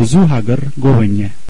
ብዙ ሀገር ጎበኘ